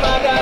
Mother.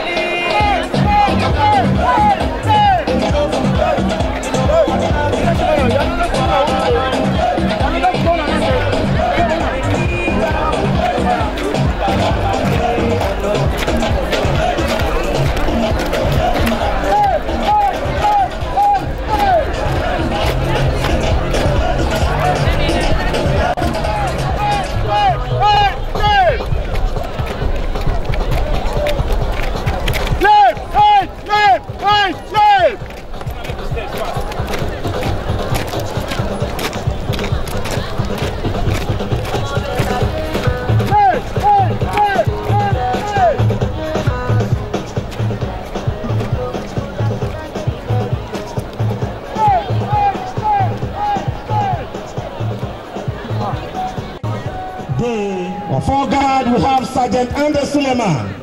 Sergeant Andes Suleiman.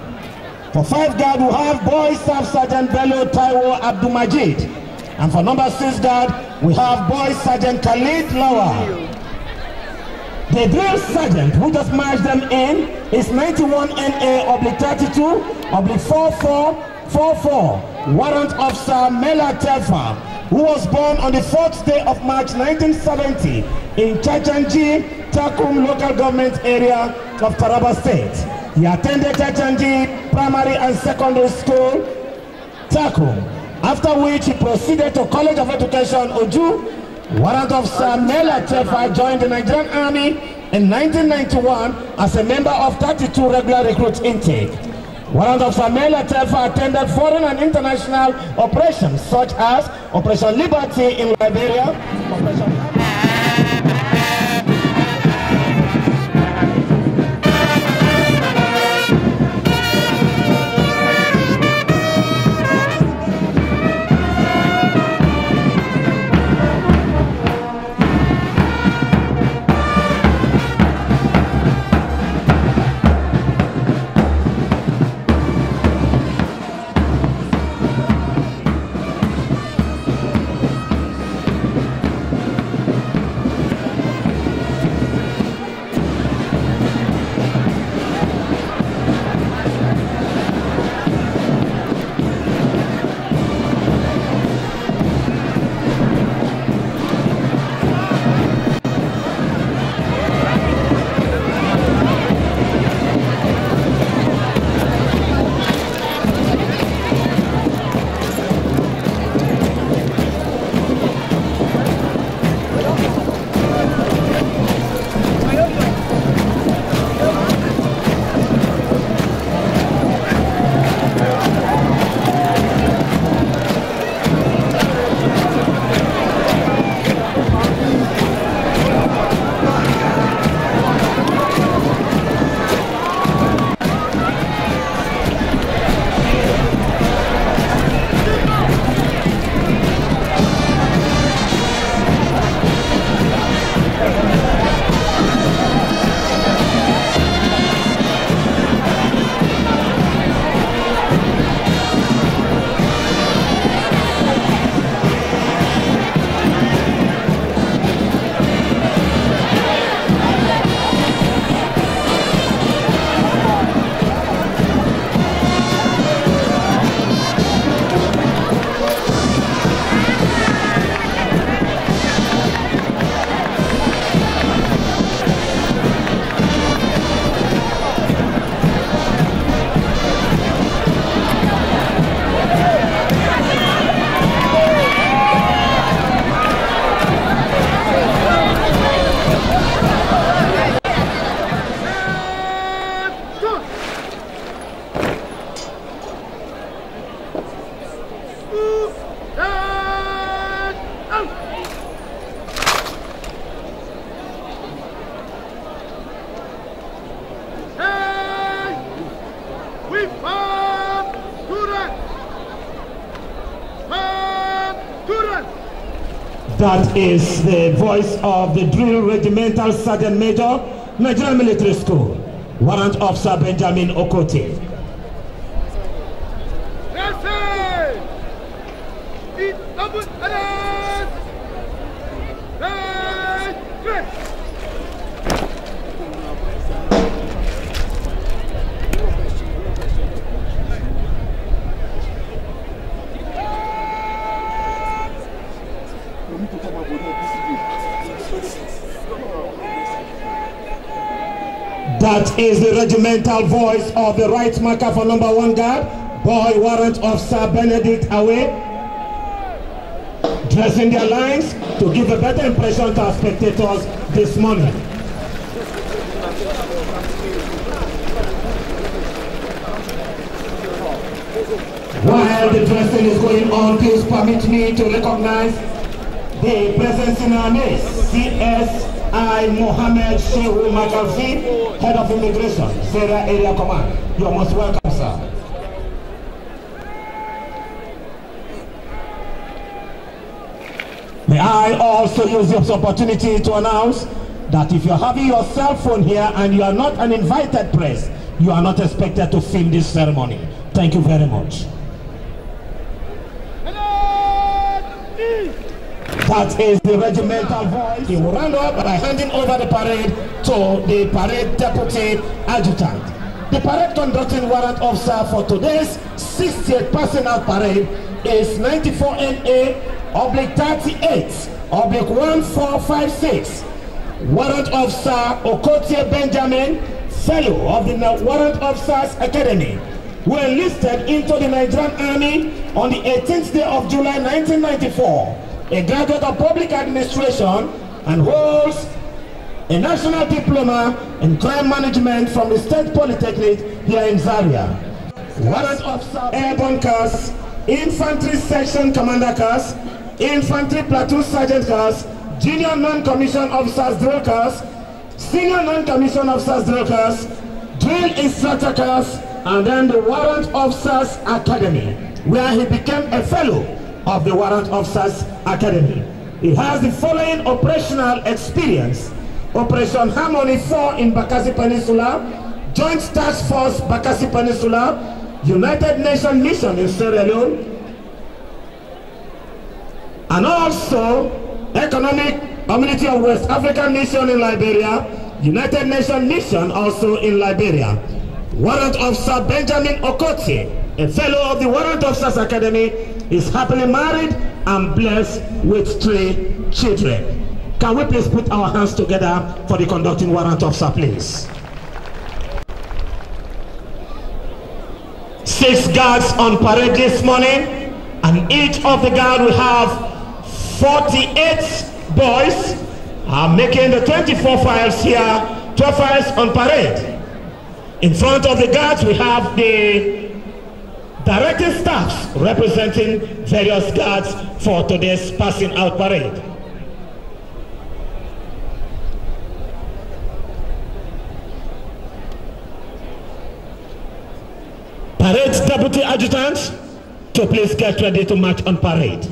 For five guard, we have Boy Staff Sergeant Bello Taiwo Abdumajid. And for number six guard, we have Boy Sergeant Khalid Lawa. The drill sergeant who just marched them in is 91 NA oblique 32 oblique 4444 warrant officer Mela Telfa who was born on the fourth day of March 1970 in Chachanji, Takum local government area of Taraba State. He attended Chachanji Primary and Secondary School, Takum, after which he proceeded to College of Education, Oju. Warrant Officer Mela Tefa joined the Nigerian Army in 1991 as a member of 32 regular recruit intake. One of the familiar TEFA attended foreign and international operations such as Operation Liberty in Liberia, is the voice of the drill regimental sergeant major, Nigerian Military School, Warrant Officer Benjamin Okote. is the regimental voice of the right marker for number one guard, boy warrant of Sir Benedict Away, dressing their lines to give a better impression to our spectators this morning. While the dressing is going on, please permit me to recognize the presence in our midst, CS I, Mohammed Shehu Magalzi, Head of Immigration, Sarah Area Command. You are most welcome, sir. May I also use this opportunity to announce that if you're having your cell phone here and you are not an invited press, you are not expected to film this ceremony. Thank you very much. That is the regimental voice. He will round up by handing over the parade to the parade deputy adjutant. The parade conducting warrant officer for today's 60th personal parade is 94 NA oblique 38 oblique 1456. Warrant officer Okotie Benjamin, fellow of the Warrant Officers Academy, who enlisted into the Nigerian Army on the 18th day of July 1994 a graduate of public administration, and holds a national diploma in crime management from the State Polytechnic here in Zaria. Warrant Officer Airborne Cars, Infantry Section Commander Cars, Infantry Platoon Sergeant Cars, Junior Non-Commissioned Officers Drill Cars, Senior Non-Commissioned Officers Drill Cars, Drill Instructor Cars, and then the Warrant Officers Academy, where he became a fellow of the Warrant Officers Academy. He has the following operational experience. Operation Harmony 4 in Bakassi Peninsula, Joint Task Force Bakassi Peninsula, United Nations Mission in Sierra Leone, and also Economic Community of West African Mission in Liberia, United Nations Mission also in Liberia. Warrant Officer Benjamin Okoti, a fellow of the Warrant Officers Academy is happily married and blessed with three children. Can we please put our hands together for the conducting warrant officer, please? Six guards on parade this morning, and each of the guard will have 48 boys, Are making the 24 files here, 12 files on parade. In front of the guards, we have the directing staffs representing various guards for today's passing out parade. Parade deputy adjutants to please get ready to march on parade.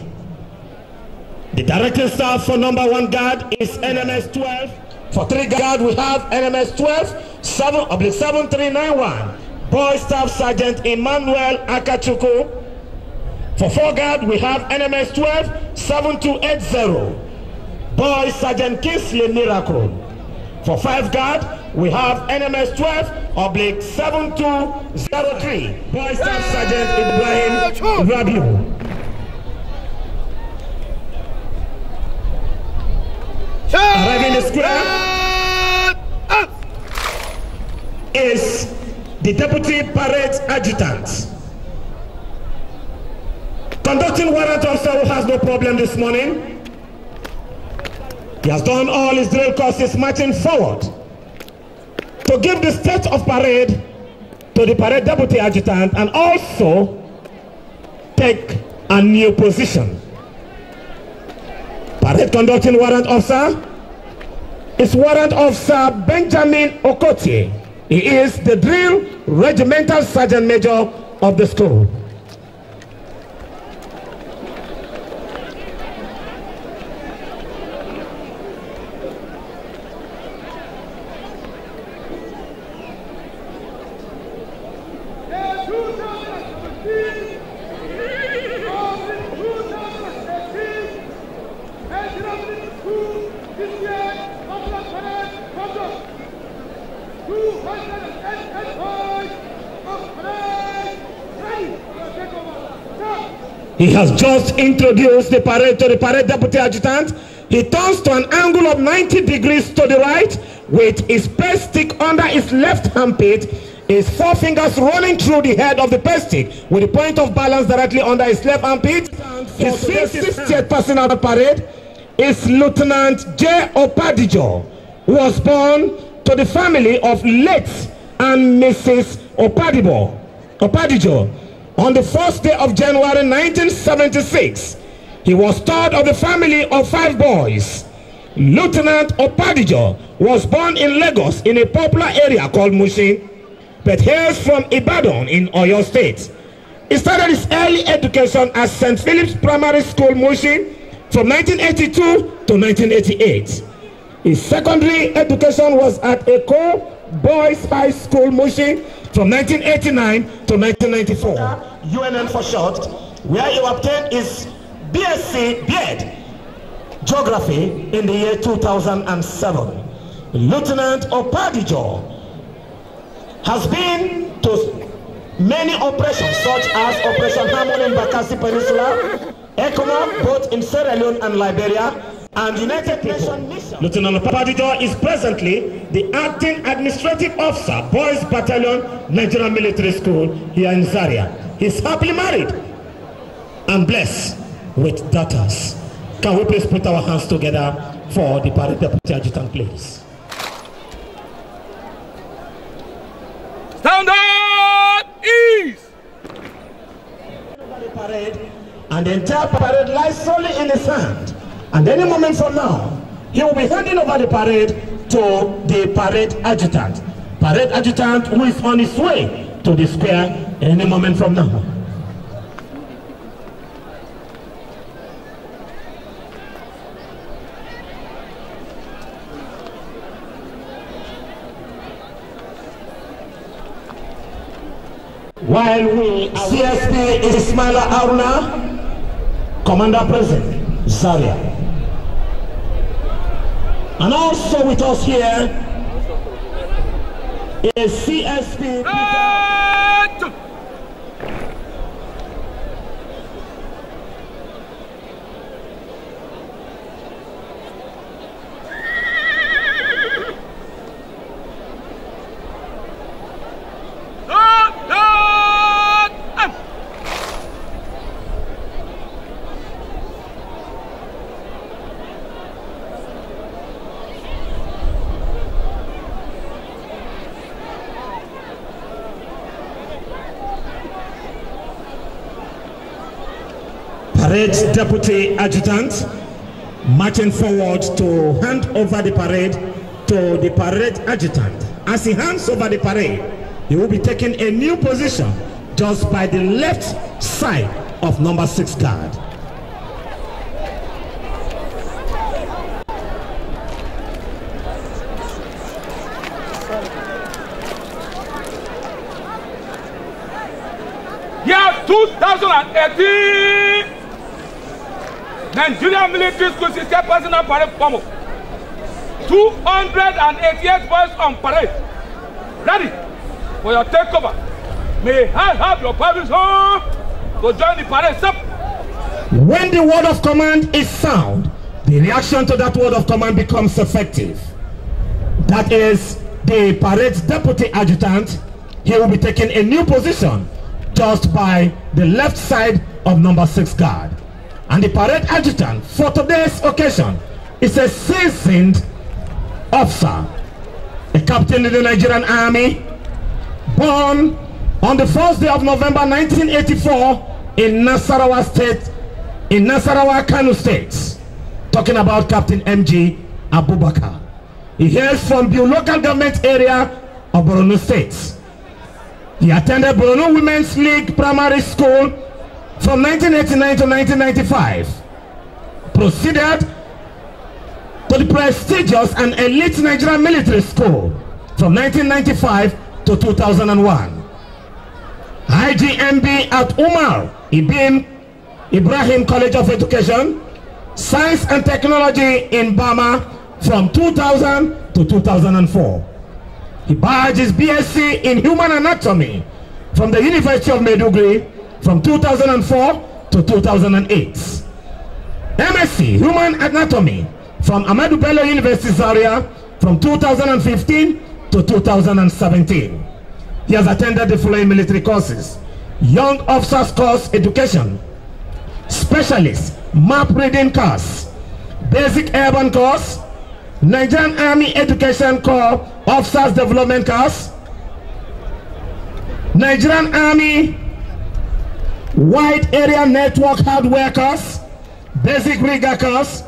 The directing staff for number one guard is NMS 12. For three guard we have NMS 12 7 oblique 7391. Boy Staff Sergeant Emmanuel Akachuku. For foreguard, we have NMS 12 7280. Boy Sergeant Kingsley Miracle. For five guard, we have NMS 12 oblique 7203. Boy Staff Sergeant Ibrahim Rabiu. Arriving the square is the deputy parade adjutant. Conducting warrant officer who has no problem this morning. He has done all his drill courses marching forward to give the state of parade to the parade deputy adjutant and also take a new position. Parade conducting warrant officer is warrant officer Benjamin Okotie. He is the drill regimental sergeant major of the school. He has just introduced the parade to the parade deputy adjutant. He turns to an angle of 90 degrees to the right with his pest stick under his left armpit, his four fingers rolling through the head of the pest stick with the point of balance directly under his left armpit. His 60th person at the parade is Lieutenant J. Opadijo, who was born to the family of late and Mrs. Opadibo, Opadijo. On the first day of January 1976, he was third of the family of five boys. Lieutenant Opadijo was born in Lagos in a popular area called Mushin, but hails from Ibadan in Oyo State. He started his early education at St. Philip's Primary School, Mushin, from 1982 to 1988. His secondary education was at Eco Boys High School, Mushin, from 1989 to 1994. UNN for short, where you obtained his BSc BEd Geography in the year 2007. Lieutenant Opadijo has been to many operations such as Operation Harmony in Bakassi Peninsula, ECOMA both in Sierra Leone and Liberia, and United Nations mission. Lieutenant Papadijo is presently the acting administrative officer, Boys Battalion, Nigerian Military School here in Zaria. He's happily married and blessed with daughters. Can we please put our hands together for the party deputy adjutant, please? Stand up, ease! and the entire parade lies solely in his hand. And any moment from now, he will be handing over the parade to the parade adjutant. Parade adjutant who is on his way to the square any moment from now. While we CSP Ismaila Aruna, Commander President, Zaria. And also with us here is CSP Peter. Parade Deputy Adjutant, marching forward to hand over the parade to the parade adjutant. As he hands over the parade, he will be taking a new position just by the left side of number six guard. Yeah, 2018 Nigerian military school system personnel parade 288 boys on parade. Ready for your takeover. May I have your permission to join the parade, sir? When the word of command is sound, the reaction to that word of command becomes effective. That is the parade's deputy adjutant. He will be taking a new position just by the left side of number six guard. and the parade adjutant for today's occasion is a seasoned officer, a captain in the Nigerian Army, born on the first day of November 1984 in Nasarawa State, in Nasarawa, Kano State. Talking about Captain MG Abubakar. He hails from the local government area of Borno State. He attended Borno Women's League Primary School from 1989 to 1995 proceeded to the prestigious and elite Nigerian military school from 1995 to 2001. IGMB at Umar Ibn Ibrahim College of Education, Science and Technology in Bama from 2000 to 2004. He badges BSc in Human Anatomy from the University of Maiduguri from 2004 to 2008. MSc Human Anatomy from Ahmadu Bello University Zaria from 2015 to 2017. He has attended the following military courses. Young Officers Course Education, Specialist Map Reading Course, Basic Urban Course, Nigerian Army Education Corps Officers Development Course, Nigerian Army wide area network hard workers, basic riggers,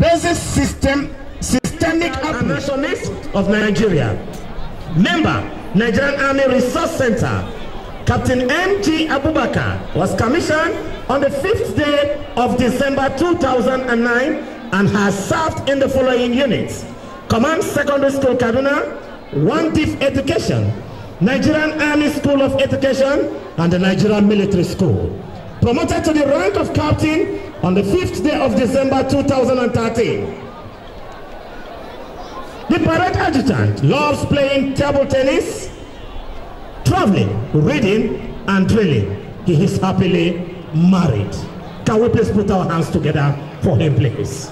basic system, systemic nationalists of Nigeria. Member, Nigerian Army Resource Center, Captain M.G. Abubakar was commissioned on the 5th day of December 2009 and has served in the following units. Command Secondary School Kaduna, One Div Education, Nigerian Army School of Education and the Nigerian Military School. Promoted to the rank of captain on the 5th day of December 2013. The parade adjutant loves playing table tennis, traveling, reading, and drilling. He is happily married. Can we please put our hands together for him, please?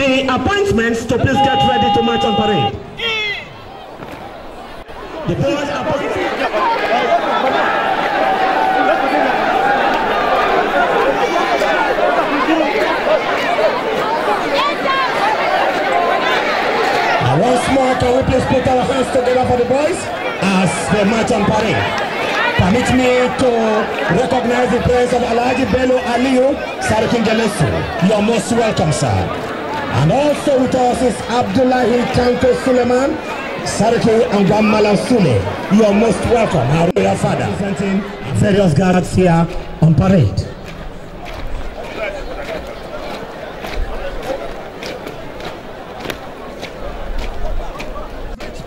the appointments to please get ready to march on parade. The players are Once more, can we please put our hands together for the boys as they march on parade? Permit me to recognize the presence of Alaji Bello Aliyu Sarikin Gelesu. You are most welcome, sir. And also with us is Abdullahi Tanko Suleiman, Sariki and Wamala You are most welcome, our royal father. Presenting various guards here on parade.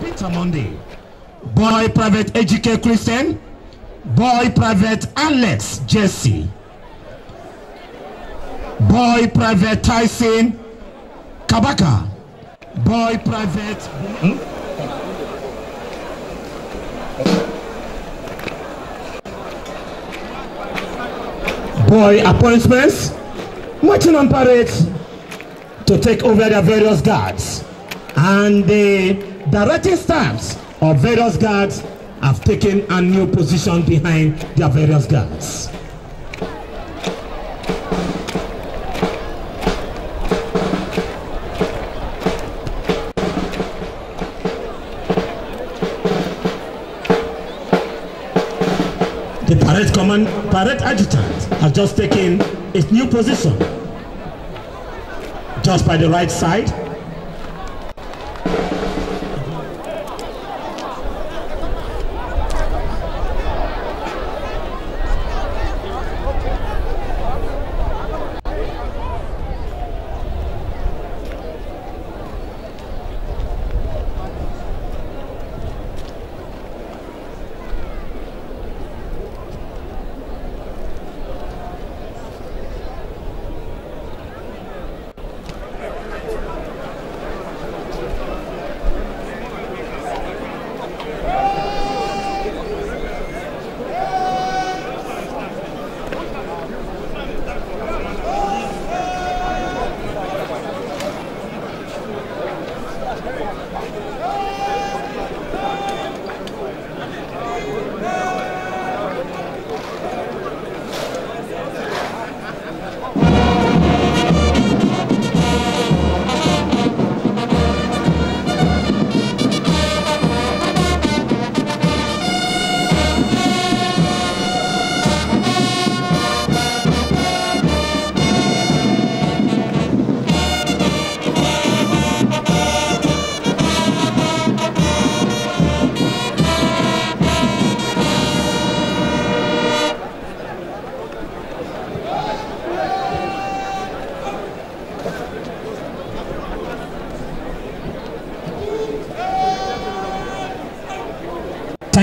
Peter Monday, boy private Ejike Christian, boy private Alex Jesse, boy private Tyson, Kabaka, boy private. Hmm? Boy appointments marching on parade to take over their various guards and the directing staffs of various guards have taken a new position behind their various guards. Parade Command, Parade Adjutant has just taken its new position just by the right side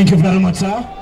Thank you very much, sir.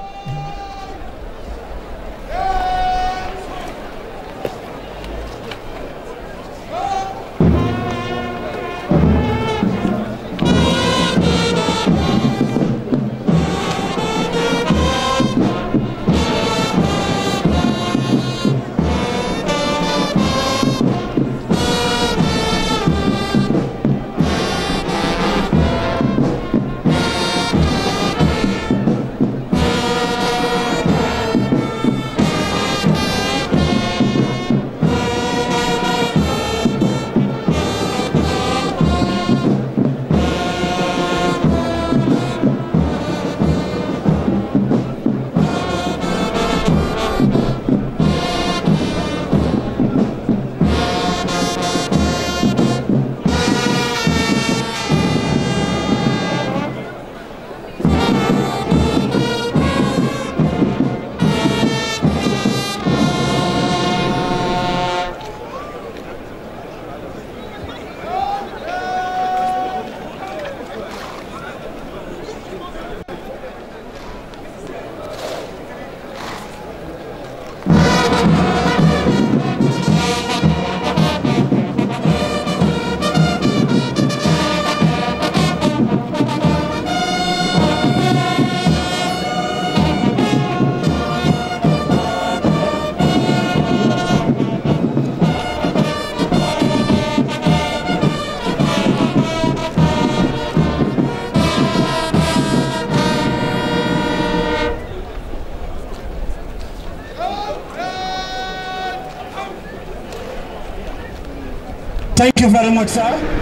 you very much, sir.